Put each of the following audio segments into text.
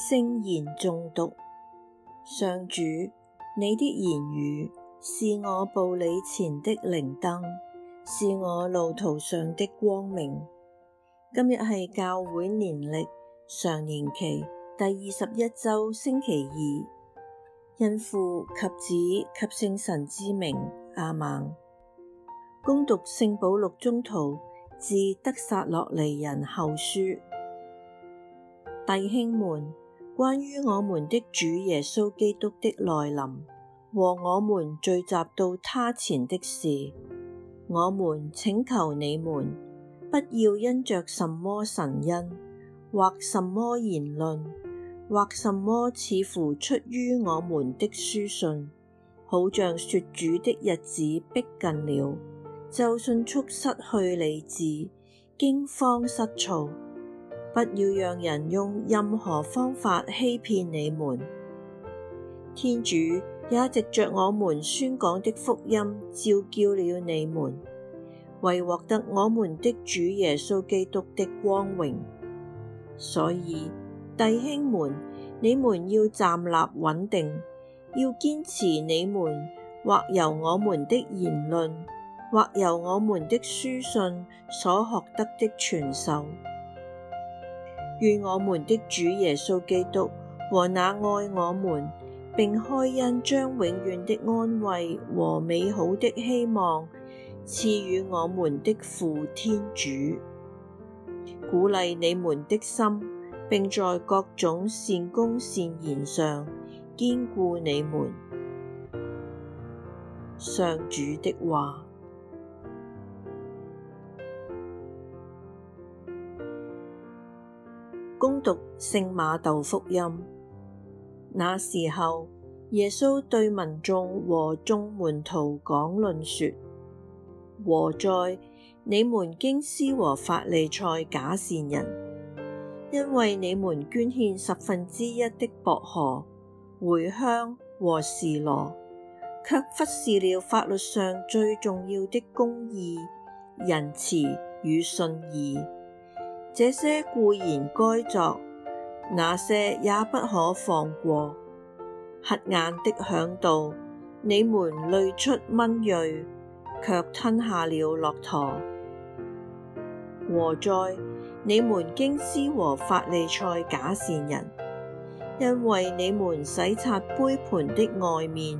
聖言誦讀。上主，你的言語是我步履前的靈燈，是我路途上的光明。今日係教會年曆常年期第二十一周星期二，因父及子及聖神之名阿孟，恭讀聖保祿宗徒，致得撒洛尼人後書，弟兄們。關於我們的主耶穌基督的來臨，和我們聚集到他前的事，我們請求你們不要因着什麼神恩或什麼言論或什麼似乎出於我們的書信，好像說主的日子迫近了，就迅速失去理智，驚慌失措。不要讓人用任何方法欺騙你們。天主也藉着我們宣講的福音，召叫了你們，為獲得我們的主耶穌基督的光榮。所以弟兄們，你們要站立穩定，要堅持你們或由我們的言論，或由我們的書信所學得的傳授。願我們的主耶穌基督，和那愛我們，並開恩將永遠的安慰和美好的希望，賜予我們的父天主，鼓勵你們的心，並在各種善工善言上堅固你們。上主的話。恭讀聖瑪竇福音。那時候，耶穌對民眾和眾門徒講論說：禍哉，你們經師和法利塞假善人，因為你們捐獻十分之一的薄荷、茴香和蒔蘿，却忽視了法律上最重要的公義、仁慈與信義。這些固然該作，那些也不可放過。瞎眼的嚮導，你們濾出蚊蚋，卻吞下了駱駝。禍哉，你們經師和法利塞假善人，因為你們洗擦杯盤的外面，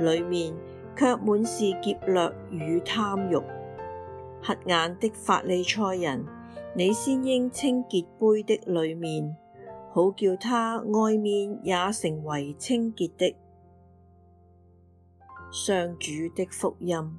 裏面卻滿是劫掠與貪欲。瞎眼的法利塞人。你先應清潔杯的裏面，好叫它外面也成為清潔的。上主的福音。